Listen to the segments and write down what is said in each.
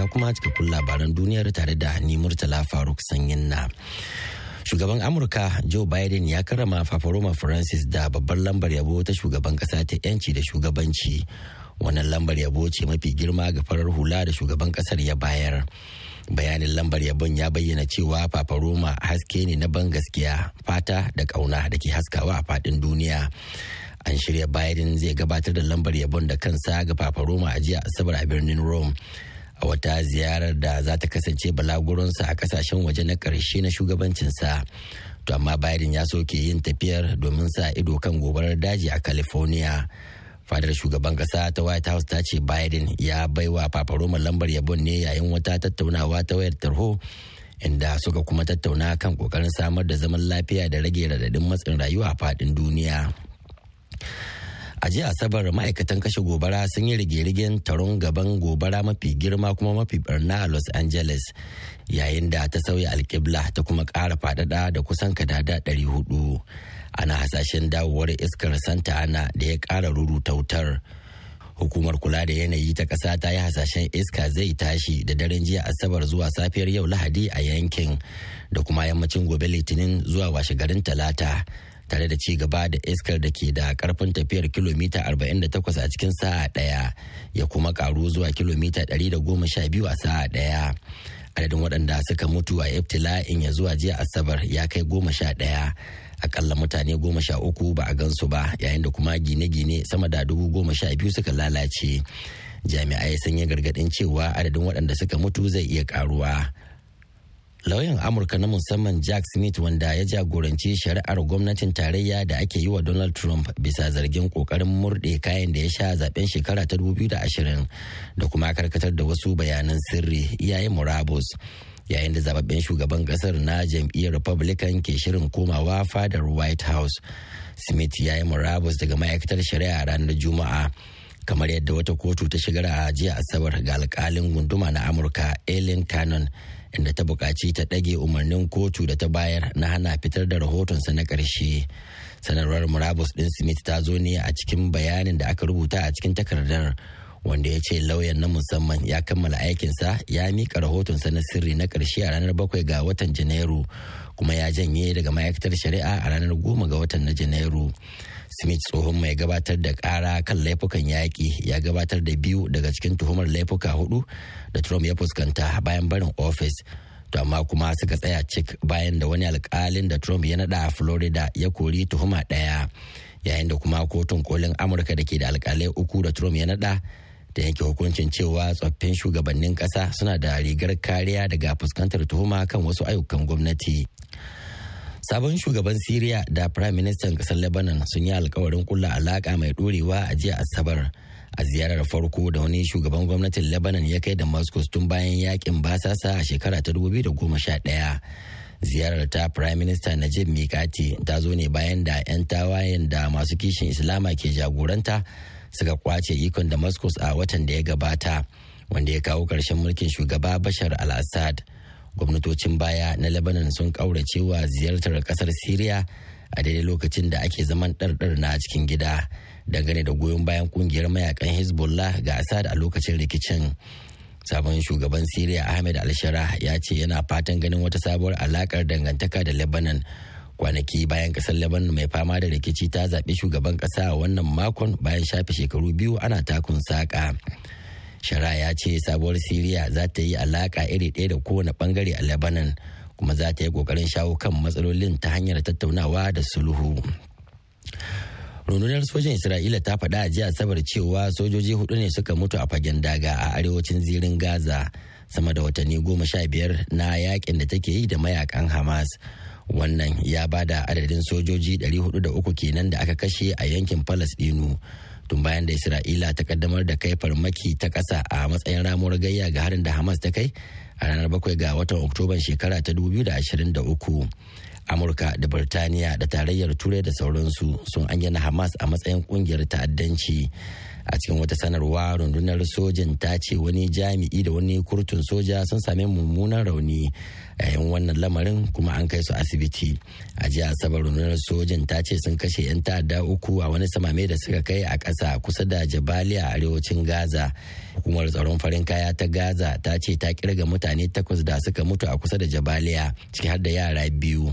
ga kuma cikakkun labaran duniyar tare da ni murtala faruk sanyin na shugaban amurka joe biden ya karrama faforoma francis da babbar lambar yabo ta shugaban kasa ta yanci da shugabanci wannan lambar yabo ce mafi girma ga farar hula da shugaban kasar ya bayar bayanin lambar yabon ya bayyana cewa faforoma haske ne na ban gaskiya fata da kauna da ke haskawa a fadin duniya an shirya Biden zai gabatar da lambar yabon da kansa ga faforoma a jiya Asabar a birnin Rome a wata ziyarar da za ta kasance balaguronsa a kasashen waje na karshe na shugabancinsa to amma biden ya soke yin tafiyar domin sa ido kan gobarar daji a california fadar shugaban kasa ta white house ta ce biden ya baiwa paparoma lambar yabon ne yayin wata tattaunawa ta wayar tarho inda suka kuma tattauna kan kokarin samar da zaman lafiya da rage radadin matsin rayuwa a faɗin duniya a jiya asabar ma'aikatan kashe gobara sun yi rige-rigen taron gaban gobara mafi girma kuma mafi barna a los angeles yayin da ta sauya alkibla ta kuma ƙara faɗaɗa da kusan kadada 400 ana hasashen dawowar iskar santa ana da ya ƙara ruruta wutar hukumar kula da yanayi ta ƙasa ta yi hasashen iska zai tashi da daren jiya asabar zuwa safiyar yau lahadi a yankin da kuma yammacin gobe litinin zuwa washe garin talata tare da ci gaba da iskar da ke da karfin tafiyar kilomita 48 a cikin sa'a daya ya kuma karu zuwa kilomita 112 a sa'a daya adadin waɗanda suka mutu a iftila'in ya zuwa jiya asabar ya kai goma sha ɗaya akalla mutane goma sha uku ba a gansu ba yayin da kuma gine-gine sama da dubu goma sha biyu suka lalace jami'ai sun yi gargaɗin cewa adadin waɗanda suka mutu zai iya ƙaruwa. lauyan amurka na musamman jack smith wanda ya jagoranci shari'ar gwamnatin tarayya da ake yi wa donald trump bisa zargin kokarin murɗe kayan da ya sha zaben shekara ta 2020 da kuma karkatar da wasu bayanan sirri iyaye murabus yayin da zababben shugaban kasar na jam'iyyar republican ke shirin komawa fadar white house smith ya yi murabus daga ma'aikatar shari'a ranar juma'a kamar yadda wata kotu ta shigar a jiya asabar ga alkalin gunduma na amurka elin cannon inda ta buƙaci ta ɗage umarnin kotu da ta bayar na hana fitar da rahotonsa na ƙarshe sanarwar murabus ɗin smith ta zo ne a cikin bayanin da aka rubuta a cikin takardar wanda ya ce lauyan na musamman ya kammala aikinsa ya mika rahotonsa na sirri na ƙarshe a ranar bakwai ga watan janairu kuma ya janye daga ma'aikatar shari'a a ranar goma ga watan na janairu smith tsohon mai gabatar da kara kan laifukan yaƙi ya gabatar da biyu daga cikin tuhumar laifuka hudu da trump ya fuskanta bayan barin ofis to amma kuma suka tsaya cik bayan da wani alkalin da trump ya nada a florida ya kori tuhuma ɗaya yayin da kuma kotun kolin amurka da ke da alkalai uku da trump ya nada da yanke hukuncin cewa tsoffin shugabannin ƙasa suna da rigar kariya daga fuskantar tuhuma kan wasu ayyukan gwamnati. Sabon shugaban Siriya da Prime Minister kasar Lebanon sun yi alkawarin kulla alaka mai dorewa a jiya Asabar a ziyarar farko da wani shugaban gwamnatin Lebanon ya kai Damascus tun bayan yakin basasa a shekara ta 2011. ziyarar ta prime minister najib mikati ta zo ne bayan da 'yan tawayen da masu kishin islama ke jagoranta suka kwace ikon damascus a watan da ya gabata wanda ya kawo ƙarshen mulkin shugaba bashar al-assad gwamnatocin baya na lebanon sun kauracewa ziyartar kasar syria a daidai lokacin da ake zaman ɗarɗar na cikin gida dangane da goyon bayan kungiyar mayakan hezbollah ga asad a lokacin rikicin sabon shugaban syria ahmed alshara ya ce yana fatan ganin wata sabuwar alakar dangantaka da lebanon kwanaki bayan kasar lebanon mai fama da rikici ta zaɓi shugaban ƙasa wannan makon bayan shafe shekaru biyu ana takun saƙa. shara ya ce sabuwar siriya za ta yi alaka iri ɗaya da kowane bangare a lebanon kuma za ta yi kokarin shawo kan matsalolin ta hanyar tattaunawa da sulhu rundunar sojin isra'ila ta faɗa a jiya asabar cewa sojoji hudu ne suka mutu a fagen daga a arewacin zirin gaza sama da watanni goma sha biyar na yakin da take yi da mayakan hamas wannan ya bada adadin sojoji 403 kenan da aka kashe a yankin dinu. tun bayan da isra'ila ta kaddamar da kai farmaki ta ƙasa a matsayin ramuwar gayya ga harin da hamas ta kai a ranar bakwai ga watan oktoban shekara ta 2023 amurka da birtaniya da tarayyar turai da sauransu sun ayyana hamas a matsayin kungiyar ta'addanci a cikin wata sanarwa rundunar sojan ta ce wani jami'i da wani kurtun soja sun sami mummunan rauni yayin wannan lamarin kuma an kai su asibiti a jiya asabar rundunar sojan ta ce sun kashe 'yan ta'adda uku a wani samame da suka kai a ƙasa kusa da jabaliya arewacin gaza hukumar tsaron farin kaya ta gaza ta ce ta kirga mutane takwas da suka mutu a kusa da jabaliya ciki har da yara biyu.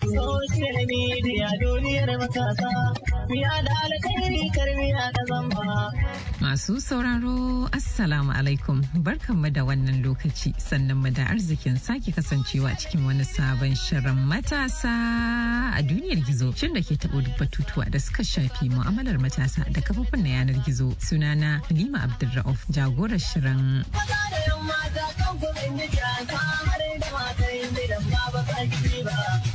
Social media duniyar matasa, biya da alkhairi karbiya da zamba. Masu sauraro, Assalamu alaikum, barkanmu da wannan lokaci sannan da arzikin sake kasancewa cikin wani sabon shirin matasa a duniyar gizo. Shin da ke taɓo duk batutuwa da suka shafi mu'amalar matasa da kafofin na yanar gizo. Sunana Halima Abdulra'uf jagorar shirin. Maza da kan har da ba ba.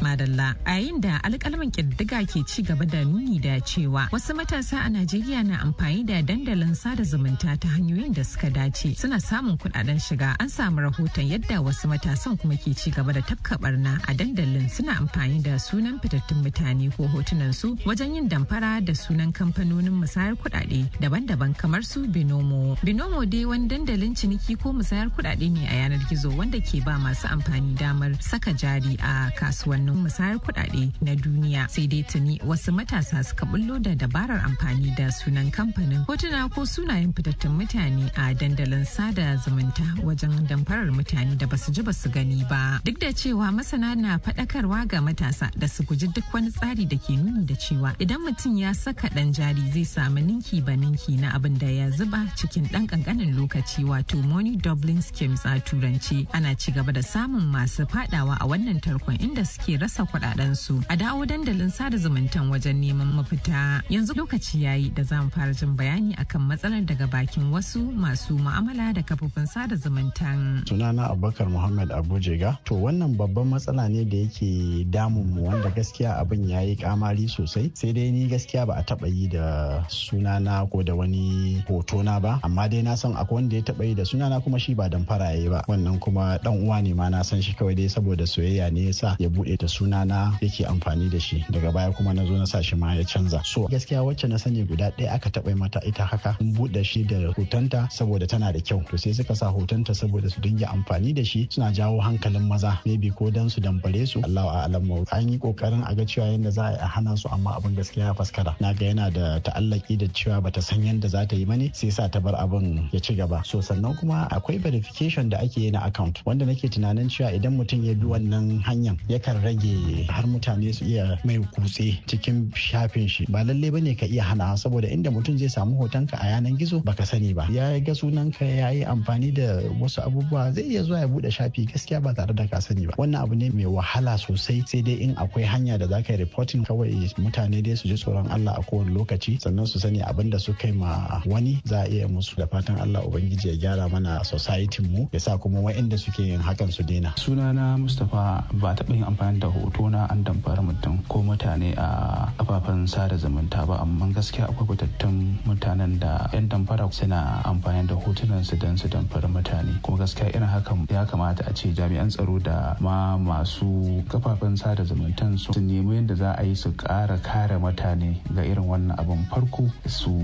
Madalla a yayin da alƙalman ƙirdiga ke ci gaba da nuni da cewa wasu matasa a Najeriya na amfani da dandalin sada zumunta ta hanyoyin da suka dace suna samun kuɗaɗen shiga an samu rahoton yadda wasu matasan kuma ke ci gaba da tafka barna a dandalin suna amfani da sunan fitattun mutane ko hotunan su wajen yin damfara da sunan kamfanonin musayar kuɗaɗe daban-daban kamar su Binomo. Binomo dai wani dandalin ciniki ko musayar kuɗaɗe ne a yanar gizo wanda ke ba masu amfani damar saka jari a a kasuwannin musayar kuɗaɗe na duniya sai dai tuni wasu matasa suka bullo da dabarar amfani da sunan kamfanin hotuna ko sunayen fitattun mutane a dandalin sada zumunta wajen damfarar mutane da basu ji basu gani ba duk da cewa masana na faɗakarwa ga matasa da su guji duk wani tsari da ke nuni da cewa idan mutum ya saka ɗan jari zai samu ninki ba ninki na abin da ya zuba cikin ɗan ƙanƙanin lokaci wato money doubling schemes a turanci ana ci gaba da samun masu faɗawa a wannan tarko farkon inda suke rasa su a dawo dandalin sada zumuntan wajen neman mafita yanzu lokaci yayi da za fara jin bayani akan matsalar daga bakin wasu masu mu'amala da kafofin sada zumuntan sunana abubakar muhammad abujega to wannan babban matsala ne da yake damun mu wanda gaskiya abin ya yi kamari sosai sai dai ni gaskiya ba a taba yi da sunana ko da wani hoto na ba amma dai na san akwai wanda ya taba yi da sunana kuma shi ba dan fara ba wannan kuma dan uwa ne ma na san shi kawai dai saboda soyayya ne sa ya buɗe ta suna na yake amfani da shi daga baya kuma na zo na sa shi ma ya canza so gaskiya wacce na sani guda ɗaya aka taɓa mata ita haka in buɗe shi da hotonta saboda tana da kyau to sai suka sa hotonta saboda su dinga amfani da shi suna jawo hankalin maza maybe ko dan su dambare su Allah a'lam an yi kokarin a ga cewa yadda za a hana su amma abin gaskiya ya faskara na ga yana da ta'allaki da cewa bata san yadda za ta yi mani sai sa ta bar abin ya ci gaba so sannan kuma akwai verification da ake yi na account wanda nake tunanin cewa idan mutum ya bi wannan hanya hanyar yakan rage har mutane su iya mai kutse cikin shafin shi ba lalle ne ka iya hana saboda inda mutum zai samu hotonka a yanan gizo baka sani ba ya ga sunanka ya yi amfani da wasu abubuwa zai iya zuwa ya bude shafi gaskiya ba tare da ka sani ba wannan abu ne mai wahala sosai sai dai in akwai hanya da zaka yi reporting kawai mutane dai su ji tsoron Allah a kowane lokaci sannan su sani abin da su kai ma wani za a iya musu da fatan Allah ubangiji ya gyara mana society mu ya sa kuma wa'inda suke yin hakan su daina sunana Mustapha ba ba taɓa yin amfani da hoto na an damfara mutum ko mutane a kafafen sada zumunta ba amma gaskiya akwai fitattun mutanen da 'yan damfara suna amfani da hotunan su don su damfara mutane kuma gaskiya irin hakan ya kamata a ce jami'an tsaro da ma masu kafafen sada zumuntan su nemi yadda za a yi su ƙara kare mutane ga irin wannan abin farko su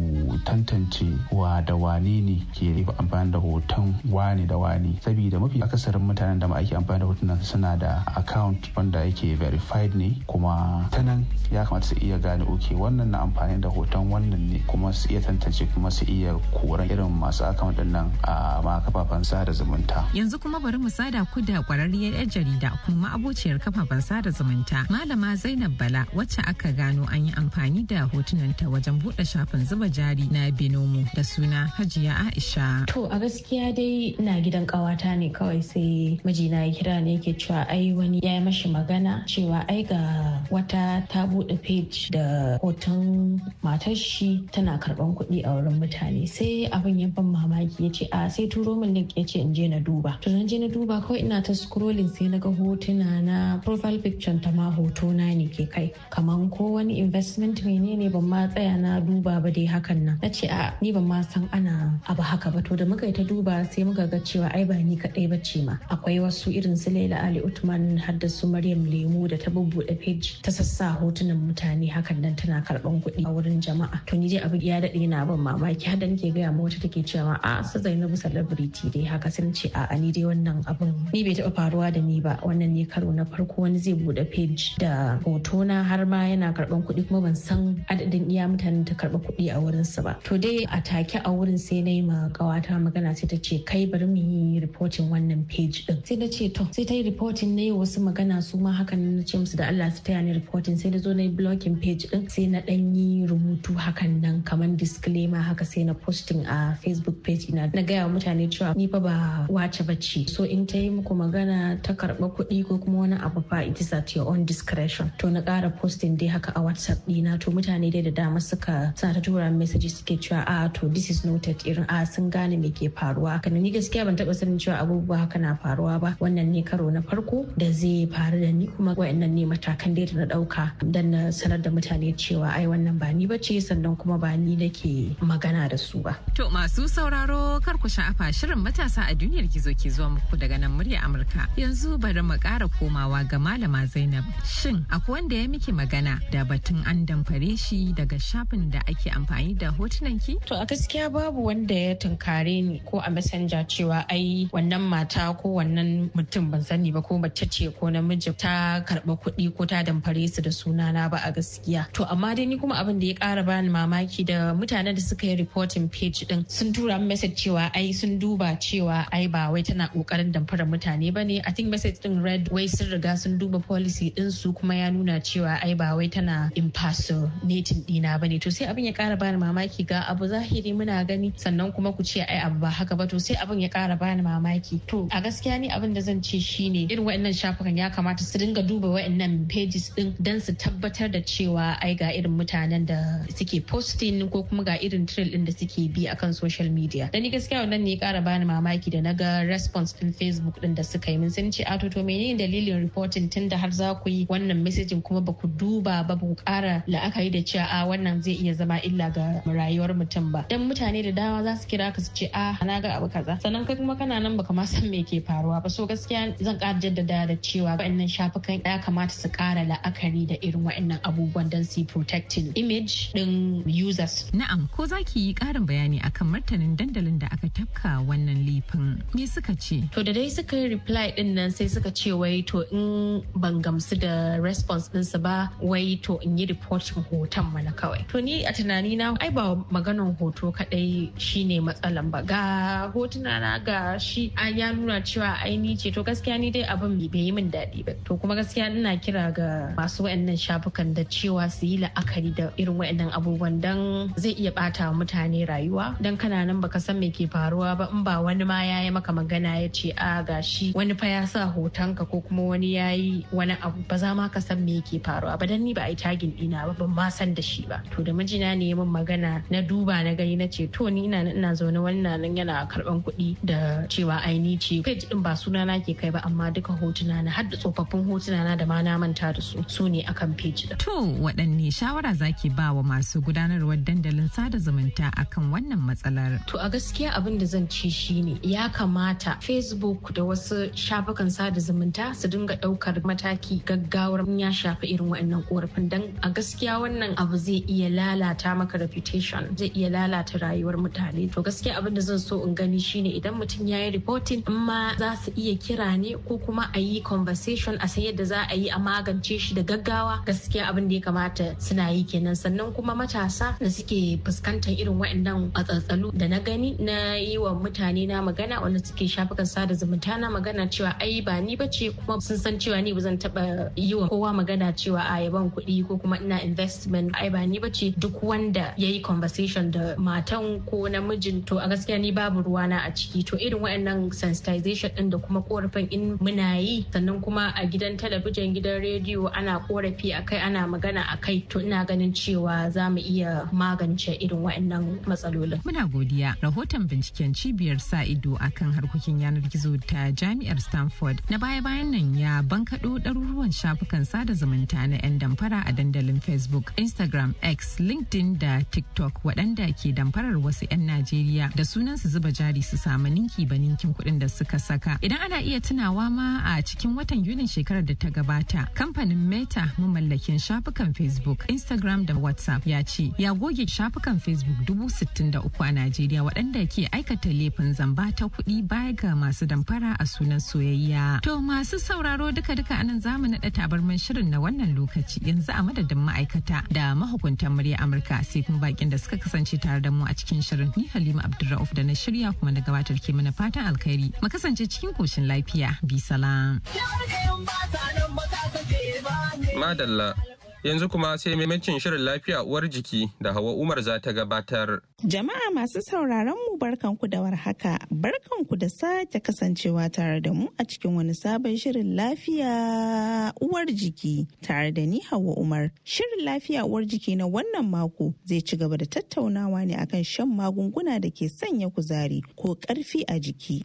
tantance wa da wane ne ke amfani da hoton wane da wane saboda mafi akasarin mutanen da ma ake amfani da hotunan suna da akan account wanda yake verified ne kuma ta nan ya kamata su iya gane oke wannan na amfani da hoton wannan ne kuma su iya tantance kuma su iya koran irin masu account din nan a ma kafafen sada zumunta yanzu kuma bari mu sada ku da kwararriyar yar jarida kuma abociyar kafafen sada zumunta malama Zainab Bala wacce aka gano an yi amfani da hotunan ta wajen bude shafin zuba jari na binomu da suna Hajiya Aisha to a gaskiya dai ina gidan kawata ne kawai sai mijina ya kira ne yake cewa ai wani ya yi mashi magana cewa ai ga wata ta buɗe page da hoton matar shi tana karɓan kuɗi a wurin mutane sai abin ya ban mamaki ya ce a sai turo min link ya ce in je na duba to na je na duba kawai ina ta scrolling sai na ga hotuna na profile picture ta ma hoto na ne ke kai kaman ko wani investment menene ban ma tsaya na duba ba dai hakan nan na ce a ni ban ma san ana abu haka ba to da muka yi ta duba sai muka ga cewa ai ba ni kaɗai ba ce ma akwai wasu irin su Laila Ali Uthman. haddasu Maryam Lemu da ta bubbuɗe page ta sassa hotunan mutane hakan nan tana karɓan kuɗi a wurin jama'a. To ni dai abu ya daɗe na ban mamaki har da nake gaya ma wata take cewa a su Zainabu celebrity dai haka sun ce a ni dai wannan abin ni bai taɓa faruwa da ni ba wannan ne karo na farko wani zai buɗe page da hotona har ma yana karɓan kuɗi kuma ban san adadin iya mutanen ta karɓa kuɗi a sa ba. To dai a take a wurin sai na yi ma ƙawata magana sai ta ce kai bari mu yi reporting wannan page ɗin. Sai ta ce to sai ta yi reporting na yau wasu magana su ma hakan na ce musu da Allah su taya ni reporting sai na zo na yi blocking page din sai na dan yi rubutu hakan nan kamar disclaimer haka sai na posting a Facebook page ina na gaya wa mutane cewa ni fa ba wace bacci so in ta yi muku magana ta karba kuɗi ko kuma wani abu fa it is at your own discretion to na ƙara posting dai haka a WhatsApp dina to mutane dai da dama suka sa ta tura messages suke cewa a ah, to this is noted irin a ah, sun gane me ke faruwa kana ni gaskiya ban taba sanin cewa abubuwa haka na faruwa ba wannan ne karo na farko da zai zai faru da ni kuma wa'annan ne matakan da na dauka don na sanar da mutane cewa ai wannan ba ni ba ce sannan kuma ba ni nake magana da su ba. To masu sauraro kar ku sha'afa shirin matasa a duniyar gizo ke zuwa muku daga nan murya Amurka. Yanzu bari mu ƙara komawa ga malama Zainab. Shin akwai wanda ya miki magana da batun an damfare shi daga shafin da ake amfani da hotunan ki? To a gaskiya babu wanda ya tunkare ni ko a messenger cewa ai wannan mata ko wannan mutum ban sani ba ko mace ce ko namiji ta karba kuɗi ko ta damfare su da sunana ba a gaskiya to amma dai ni kuma abin da ya kara bani mamaki da mutanen da suka yi reporting page din sun tura min message cewa ai sun duba cewa ai ba wai tana kokarin damfara mutane ba ne i think message din red wai sun riga sun duba policy din su kuma ya nuna cewa ai ba wai tana impersonating dina ba ne to sai abin ya kara bani mamaki ga abu zahiri muna gani sannan kuma ku ce ai abu ba haka ba to sai abin ya kara bani mamaki to a gaskiya ni abin da zan ce shine irin waɗannan shafukan hakan ya kamata su dinga duba wa'annan pages din don su tabbatar da cewa ai ga irin mutanen da suke posting ko kuma ga irin trail din da suke bi akan social media da ni gaskiya wannan ne kara bani mamaki da naga response din facebook din da suka yi mun sun ce atoto to menene dalilin reporting tun da har za ku yi wannan messaging kuma ba ku duba ba ku kara la'akari da cewa a wannan zai iya zama illa ga rayuwar mutum ba dan mutane da dama za su kira ka su ce a na ga abu kaza sannan kai kuma kana nan baka ma san me ke faruwa ba so gaskiya zan kara jaddada da cewa cewa waɗannan shafukan ya kamata su kara la'akari da irin waɗannan abubuwan don su protecting image din users. Na'am, ko za ki yi ƙarin bayani akan martanin dandalin da aka tafka wannan lifin Me suka ce? To da dai suka yi reply ɗin nan sai suka ce wai to in ban gamsu da response su ba wai to in yi reporting hoton mana kawai. To ni a tunani na ai ba maganan hoto kaɗai shine matsalan ba ga hotuna na ga shi ya nuna cewa ai ni ce to gaskiya ni dai abin bai yi min jin daɗi ba to kuma gaskiya ina kira ga masu wayannan shafukan da cewa su yi la'akari da irin wayannan abubuwan dan zai iya bata mutane rayuwa dan kana nan baka san me ke faruwa ba in ba wani ma ya yi maka magana ya ce a gashi wani fa ya sa hotonka ko kuma wani ya yi wani abu ba za ma ka san me ke faruwa ba dan ni ba a yi tagin ɗina ba ban ma san da shi ba to da mijina ne min magana na duba na gani na ce to ni ina ina zaune wannan nan yana karban kuɗi da cewa aini ce page din ba sunana ke kai ba amma duka hotuna na har da tsofaffin hotuna na da ma na manta da su su ne akan page da. To waɗanne shawara zaki ba wa masu gudanarwar dandalin sada zumunta akan wannan matsalar? To a gaskiya abin da zan ci shi ne ya kamata Facebook da wasu shafukan sada zumunta su dinga ɗaukar mataki gaggawar ya shafi irin waɗannan korafin dan a gaskiya wannan abu zai iya lalata maka reputation zai iya lalata rayuwar mutane to gaskiya abin da zan so in gani shine idan mutum ya yi reporting amma za su iya kira ne ko kuma a yi conversation a san yadda za a yi a magance shi da gaggawa gaskiya abin da ya kamata suna yi kenan sannan kuma matasa da suke fuskantar irin waɗannan matsatsalu da na gani na yi wa mutane na magana wanda suke shafukan sada zumunta na magana cewa ai ba ni bace kuma sun san cewa ni ba zan taba yi wa kowa magana cewa a yaban kuɗi ko kuma ina investment ai ba ni bace duk wanda ya yi conversation da matan ko namijin to a gaskiya ni babu ruwana a ciki to irin waɗannan sensitization din da kuma korafin in muna yi sannan sannan kuma a gidan talabijin gidan rediyo ana korafi a kai ana magana akai to ina ganin cewa za mu iya magance irin waɗannan matsalolin. Muna godiya rahoton binciken cibiyar sa ido akan harkokin yanar gizo ta jami'ar Stanford na baya-bayan nan ya bankaɗo ɗaruruwan shafukan sada zumunta na 'yan damfara a dandalin Facebook, Instagram, X, LinkedIn da TikTok waɗanda ke damfarar wasu 'yan Najeriya da sunan su zuba jari su samu ninki ba ninkin kuɗin da suka saka. Idan ana iya tunawa ma a cikin watan Yunin shekarar da ta gabata. Kamfanin Meta mamallakin shafukan Facebook, Instagram da WhatsApp ya ce ya goge shafukan Facebook dubu sittin da uku a Najeriya waɗanda ke aikata laifin zamba ta kuɗi baya ga masu damfara a sunan soyayya. To masu sauraro duka-duka anan zamu naɗa tabarman shirin na wannan lokaci yanzu a madadin ma'aikata da mahukuntan murya Amurka sai kuma bakin da suka kasance tare da mu a cikin shirin ni Halima Abdulrauf da na shirya kuma na gabatar ke mana fatan alkhairi. Mu kasance cikin koshin lafiya. Bi salam. Madalla. Yanzu kuma sai maimacin shirin lafiya uwar jiki da hawa Umar za ta gabatar. Jama'a masu sauraron mu barkanku da warhaka, barkanku da sake kasancewa tare da mu a cikin wani sabon shirin lafiya uwar jiki tare da ni hawa Umar. Shirin lafiya uwar jiki na wannan mako zai ci gaba da tattaunawa ne akan shan magunguna da ke sanya kuzari ko ƙarfi a jiki.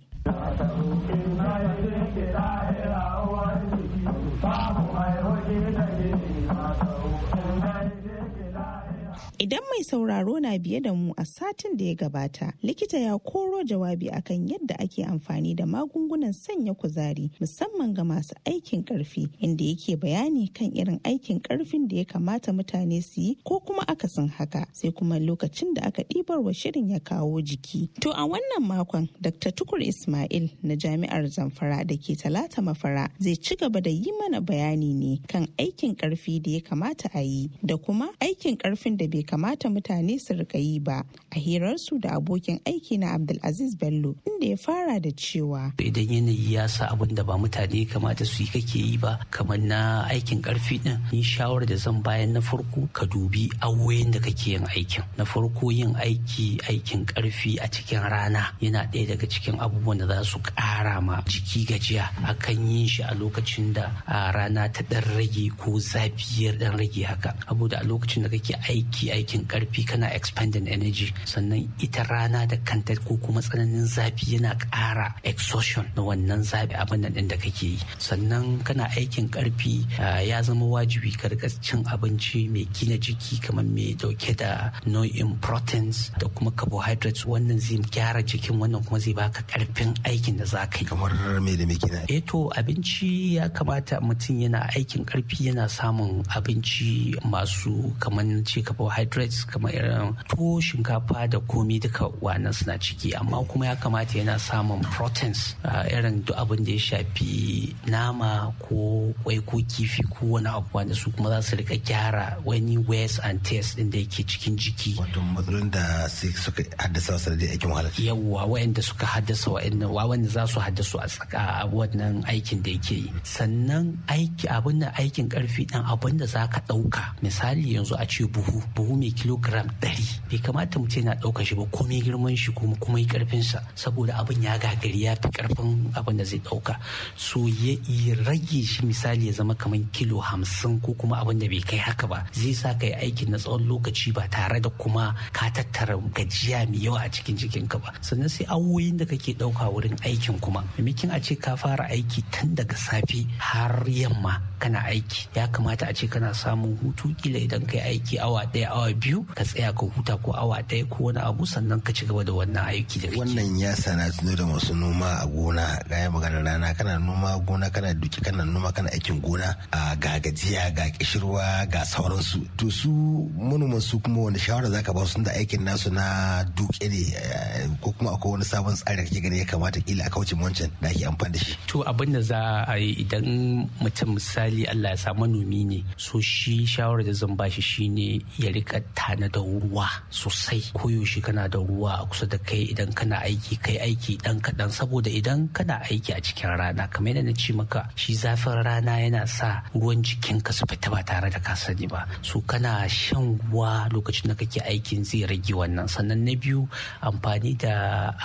Idan mai sauraro na biye da mu a satin da ya gabata, likita ya koro jawabi akan yadda ake amfani da magungunan sanya kuzari musamman ga masu aikin karfi inda yake bayani kan irin aikin karfin da ya kamata mutane su yi ko kuma akasin haka sai kuma lokacin da aka ɗibar wa shirin ya kawo jiki. To a wannan makon Dr. Tukur Ismail na Jami'ar Zamfara da ke Talata Mafara zai ci gaba da yi mana bayani ne kan aikin karfi da ya kamata a yi da kuma aikin karfin da bai kamata mutane su rika yi ba a hirar su da abokin aiki na Abdulaziz Bello inda ya fara da cewa. Idan yanayi ya sa abin da ba mutane kamata su yi kake yi ba kamar na aikin karfi din ni shawarar da zan bayan na farko ka dubi awoyin da kake yin aikin. Na farko yin aiki aikin karfi a cikin rana yana ɗaya daga cikin abubuwan da za su ƙara ma jiki gajiya akan yin shi a lokacin da rana ta ɗan rage ko zafi ɗan rage haka. da a lokacin da kake aiki ki aikin karfi kana expanding energy sannan ita rana da kanta ko kuma tsananin zafi yana ƙara exhaustion na wannan zafi abin nan din da kake yi sannan kana aikin karfi ya zama wajibi ka cin abinci mai gina jiki kamar mai dauke da nau'in proteins da kuma carbohydrates wannan zai gyara jikin wannan kuma zai baka karfin aikin da za yi kamar me da me eh to abinci ya kamata mutum yana aikin karfi yana samun abinci masu kamar ce carbohydrates kamar irin tuwo shinkafa da komi duka wannan suna ciki amma kuma ya kamata yana samun proteins ah, irin duk abin da ya shafi nama ko kwai ko kifi ko wani abu wanda su kuma za su rika gyara wani waste and taste din da yake cikin jiki wato matsalolin da suka haddasa da aikin wahala yawwa wayanda suka haddasa wayanda za su haddasa a tsaka wannan aikin da yake yi sannan aiki abin da aikin karfi dan abin da za ka dauka misali yanzu a ce buhu buhu mai kilogram ɗari bai kamata mu ce yana ɗauka shi ba komai girman shi kuma kuma yi sa saboda abin ya gagari ya fi ƙarfin abin da zai ɗauka so ya rage shi misali ya zama kamar kilo hamsin ko kuma abin da bai kai haka ba zai sa ka yi aikin na tsawon lokaci ba tare da kuma ka tattara gajiya mai yawa a cikin jikinka ba sannan sai awoyin da kake ɗauka wurin aikin kuma maimakon a ce ka fara aiki tun daga safe har yamma kana aiki ya kamata a ce kana samun hutu kila idan kai aiki awa ɗaya tsaya awa biyu ka tsaya ka huta ko awa ɗaya ko wani abu sannan ka ci gaba da wannan aiki da wannan ya sana tuno da masu noma a gona ga ya magana rana kana noma gona kana duki kana noma kana aikin gona a ga gajiya ga kishirwa ga sauransu to su manoman su kuma wani shawara zaka ba su da aikin nasu na duke ne eh, ko kuma akwai wani sabon tsari kake gani ya kamata kila a kauce wancan da ake amfani da shi to abin da za a yi idan mutum misali Allah ya sa manomi ne so shi shawara da zan ba shi shine ya ka tana da ruwa sosai koyaushe kana da ruwa a kusa da kai idan kana aiki kai aiki dan kaɗan saboda idan kana aiki a cikin rana kamar yadda na ce maka shi zafin rana yana sa ruwan jikinka su fita ba tare da ka sani ba su kana shan ruwa lokacin da kake aikin zai rage wannan sannan na biyu amfani da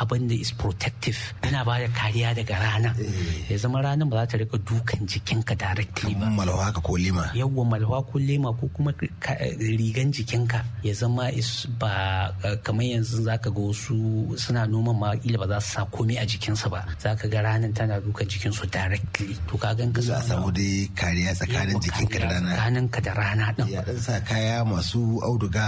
abin da is protective yana ba da kariya daga rana eh. ya zama ranar ba za ta rika dukan jikinka directly ba malwa ko lema yawwa malwa ko lema ko kuma rigan jikinka ya zama ba eh, kamar yanzu zaka ga wasu suna noman ma ila ba za su sa komai a jikinsa ba zaka ga ranar tana dukan jikinsu directly to ka gan ka za a samu dai kariya tsakanin jikinka da rana tsakanin ka da rana din ya dan sa kaya masu auduga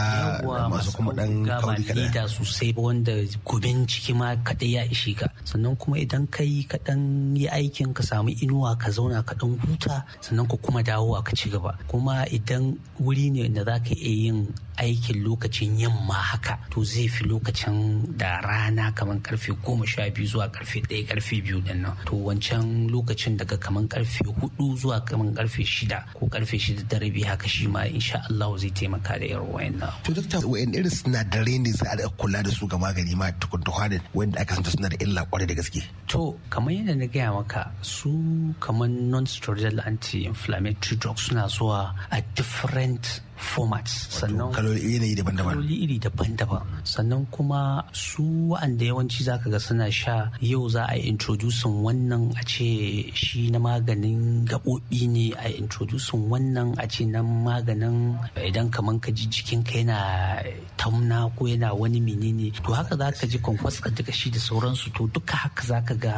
masu kuma dan kauri kadan ba sosai ba wanda gobin ciki ma kadai ya ishe ka sannan kuma idan kai ka dan yi aikin ka samu inuwa ka zauna ka dan huta sannan ku kuma dawo ka ci gaba kuma idan wuri ne da zaka iya yin aikin lokacin yamma haka to zai fi lokacin da rana kamar karfe goma sha biyu zuwa karfe ɗaya karfe biyu din nan to wancan lokacin daga kamar karfe hudu zuwa kamar karfe shida ko karfe shida da rabi haka shi ma insha Allah zai taimaka da irin wayannan. To dokta wayan irin sinadarai ne za a kula da su ga magani ma tukuntuhanin wanda aka san santa suna da illa kwarai da gaske. To kamar yadda na gaya maka su kamar non-steroidal anti-inflammatory drugs suna zuwa a different formats sannan kaloli iri daban-daban sannan kuma su wa'anda yawanci zaka ga suna sha yau za a introducing wannan a ce shi na maganin gaɓoɓi ne a introducing wannan a ce na maganin idan kaman ka ji jikin ka yana tamna ko yana wani menene to haka za ka ji kwankwas a duka shi da sauransu to duka haka za ka ga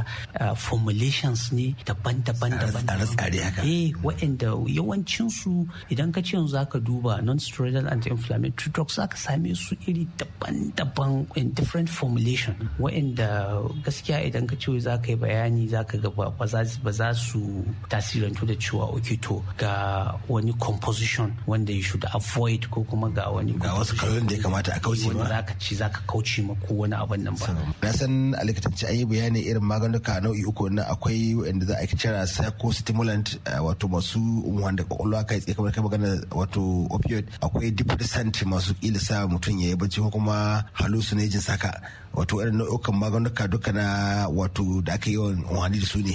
formulations ne daban-daban daban-daban eh wa'anda yawancinsu idan ka ce yanzu za ka duba duba non-steroidal anti-inflammatory drugs aka same su iri daban-daban in different formulation wa'inda gaskiya idan ka ce za ka yi bayani za ka ga ba za su tasirantu da cewa oke to ga wani composition wanda you should avoid ko kuma ga wani ga wasu kalolin da ya kamata a kauce ma za ka ci za ka kauce ma ko wani abin nan ba na san a likitance an yi bayani irin maganuka nau'i uku na akwai wa'inda za a kira psychostimulant eh, wato masu wanda kwakwalwa kai tsaye kamar kai magana wato opioid akwai depressant masu ilisa mutum ya yi bacci ko kuma hallucinogens haka wato irin nau'ukan maganuka duka na wato da aka yi wani da su ne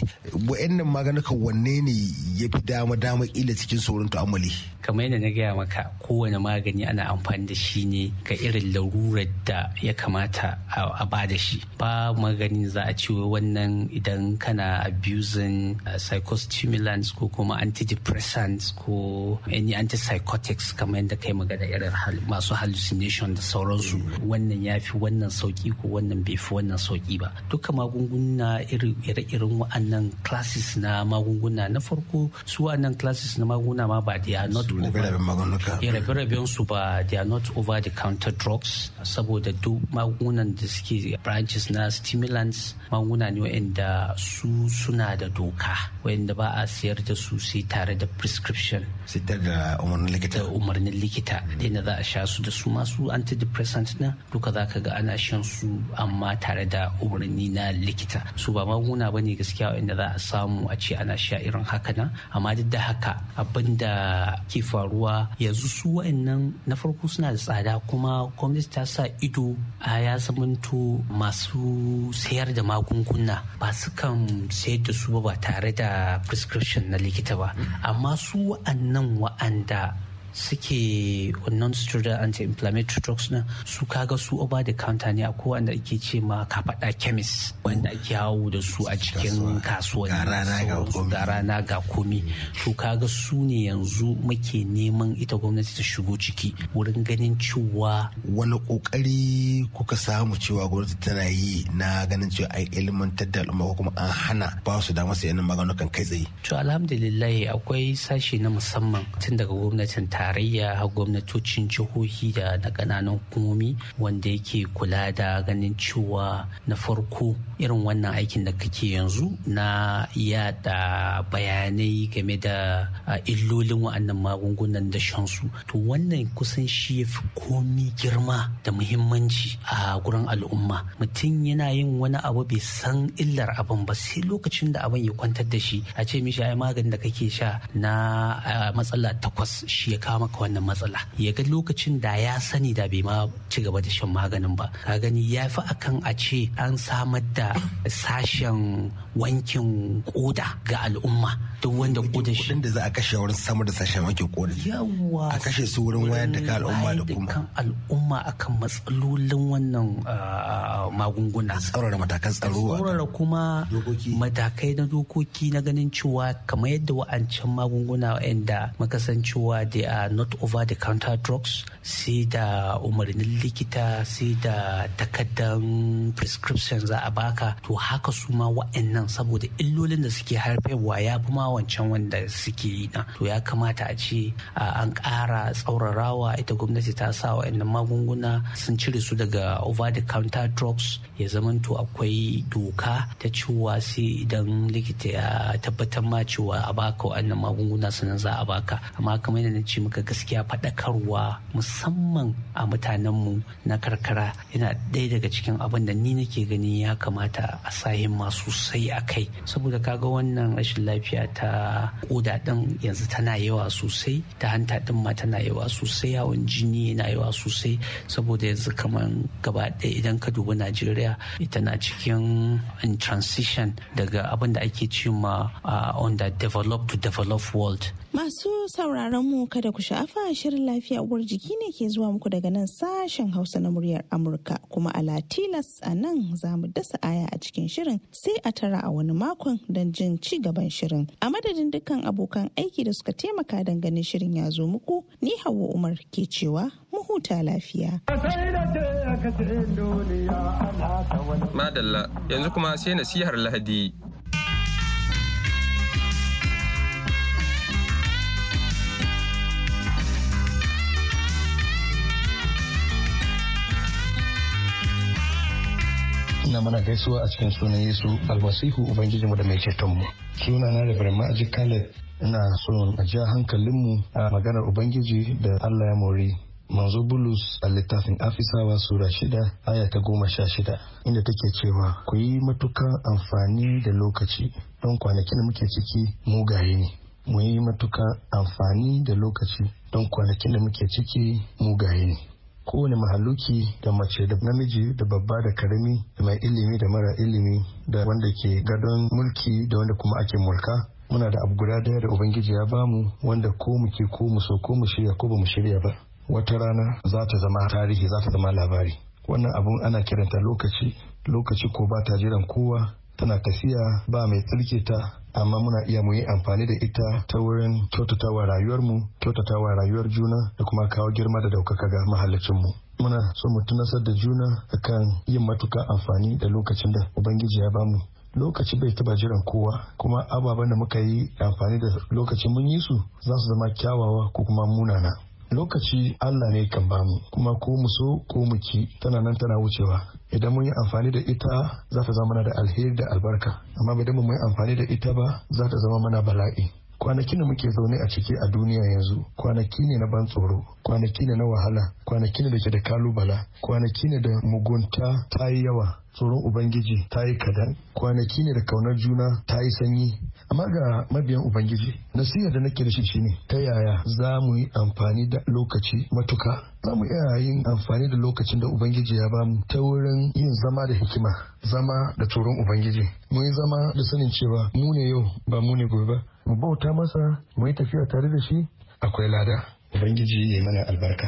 wa'annan maganuka wanne ne ya fi dama dama kila cikin saurin tu'amali kamar yadda na gaya maka kowane magani ana amfani da shi ne ga irin larurar da ya kamata a ba da shi ba maganin za a ce wannan idan kana abusing uh, psychostimulants ko kuma antidepressants ko any antipsychotics kamar yadda kai magana irin masu hallucination da sauransu wannan ya fi wannan sauki ko wannan bai fi wannan sauki ba duka magunguna ire-iren wa'annan classes na magunguna na farko su wa'annan classes na magunguna ma ba they are not over the su ba they are not over the counter drugs saboda duk magungunan da suke branches na stimulants magunguna ne wa'anda su suna da doka wa'anda ba a sayar da su sai tare da prescription sai tare da umarnin likita umarnin likita mm. da yadda za a sha su da su masu antidepressant na duka za ka ga ana shan su amma tare da umarni na likita su ba maguna ba ne gaskiya inda za a samu a ce ana sha irin haka na? amma duk da haka abin da ke faruwa yanzu su wa'annan na farko suna da tsada kuma gwamnati ta sa ido a ya zamanto masu sayar da magunguna ba su kan sayar da su ba tare da prescription na likita ba mm. amma su wa'annan wa'anda suke wannan steroidal anti-inflammatory drugs na su kaga su over the counter ne a wanda ake ce ma kafaɗa chemist wanda ake yawo da su a cikin kasuwanni ga rana ga komi su kaga su ne yanzu muke neman ita gwamnati ta shigo ciki wurin ganin cewa wani kokari kuka samu cewa gwamnati tana yi na ganin cewa ai ilmantar da al'umma kuma an hana ba su da damar maganin kan kai tsaye to alhamdulillah akwai sashi na musamman tun daga gwamnatin ta tarayya gwamnatocin jihohi da na ƙananan hukumomi wanda yake kula da ganin cewa na farko irin wannan aikin da kake yanzu na yada bayanai game da illolin wa'annan magungunan da shansu to wannan kusan shi ya fi komi girma da muhimmanci a gurin al'umma mutum yana yin wani abu bai san illar abin ba sai lokacin da abin ya kwantar da shi a ce mishi ai maganin da kake sha na matsala takwas shi ya maka wannan matsala ya ga lokacin da ya sani da bai ma ci gaba da shan maganin ba ka gani ya fi akan a ce an samar da sashen wankin koda ga al'umma duk wanda koda shi da za a kashe wurin samar da sashen wankin koda yawa a kashe su wurin wayar da kan al'umma da kuma kan al'umma akan matsalolin wannan ah, ah, magunguna tsaurara matakan tsaro tsaurara kuma matakai na dokoki na ganin cewa kamar yadda wa'ancan magunguna wa'anda muka san cewa da not over the counter drugs sai da umarnin likita sai da takaddan prescription za a baka to haka su ma wa'annan saboda illolin da suke haifarwa ya fi ma wancan wanda suke yi dan to ya kamata a ce an kara tsaurarawa ita gwamnati ta sa wa'annan magunguna sun cire su daga over the counter drugs ya zamanto akwai doka ta cewa sai idan likita ya tabbatar ma cewa a baka wa'annan magunguna sannan za a baka amma kamar yadda na ce Muka gaskiya faɗakarwa musamman a mutanenmu na karkara yana ɗaya daga cikin abin da ni nake gani ya kamata a sahin masu sosai a kai saboda kaga wannan rashin lafiya ta koda ɗin yanzu tana yawa sosai ta hanta ɗin ma tana yawa sosai yawon jini yana yawa sosai saboda yanzu kamar gaba ɗaya idan ka duba najeriya ita na cikin in transition daga abin da ake ce ma uh, on the developed to develop world Masu sauraron mu kada ku sha'afa shirin lafiya uwar jiki ne ke zuwa muku daga nan sashen Hausa na muryar Amurka kuma a Latilas a nan za mu dasa aya a cikin shirin sai a tara a wani makon don jin ci gaban shirin. A madadin dukkan abokan aiki da suka taimaka don ganin shirin ya zo muku ni Hauwa Umar ke cewa mu huta lafiya. Madalla yanzu kuma sai nasihar Lahadi. ina mana gaisuwa a cikin sunan Yesu almasihu Ubangiji mu da mai suna sunana da ma'aji Caleb ina son a ja hankalinmu a maganar ubangiji da Allah ya mori manzo bulus a littafin afisawa sura shida aya ta goma sha shida inda take cewa ku yi matukan amfani da lokaci don kwanakin da muke ciki mugaye ne mu yi matukan amfani da lokaci don kwanakin da muke ciki mugaye ne kowane mahaluki da mace da namiji da babba da karami da mai ilimi da mara ilimi da wanda ke gadon mulki da wanda kuma ake mulka muna da abu guda daya da ubangiji ya bamu wanda ko muke ko mu so ko mu shirya ko ba mu shirya ba wata rana za ta zama tarihi za ta zama labari wannan abun ana kiranta lokaci lokaci ko ba ta jiran kowa tana tafiya ba mai tsirke ta amma muna iya muyi amfani da ita ta wurin kyautatawa rayuwarmu kyautatawa rayuwar juna da kuma kawo girma da daukaka ga mu. muna so mu tunasar da juna akan yin matuka amfani da lokacin da ubangiji ya bamu lokaci bai taba jiran kowa kuma ababen da muka yi amfani da lokacin mun yi su za su zama kyawawa ko kuma munana lokaci allah ne kan bamu kuma ko mu so ko mu ki tana nan tana wucewa idan mun yi amfani da ita za ta zama mana da alheri da albarka amma idan mun yi amfani da ita ba za ta zama mana bala'i kwanaki ne muke zaune a ciki a duniya yanzu kwanaki ne na ban tsoro kwanaki ne na wahala kwanaki ne da ke da kalubala kwanaki ne da mugunta ta yi yawa tsoron ubangiji ta yi kadan kwanaki ne da kaunar juna ta yi sanyi amma ga mabiyan ubangiji nasiha da nake da shi shine ta yaya za mu yi amfani da lokaci matuka za mu iya yin amfani da lokacin da ubangiji ya bamu ta wurin yin zama da hikima zama da tsoron ubangiji mu yi zama da sanin cewa mu ne yau ba mu ne gobe ba mu bauta masa mu yi tafiya tare da shi akwai lada ubangiji ya yi mana albarka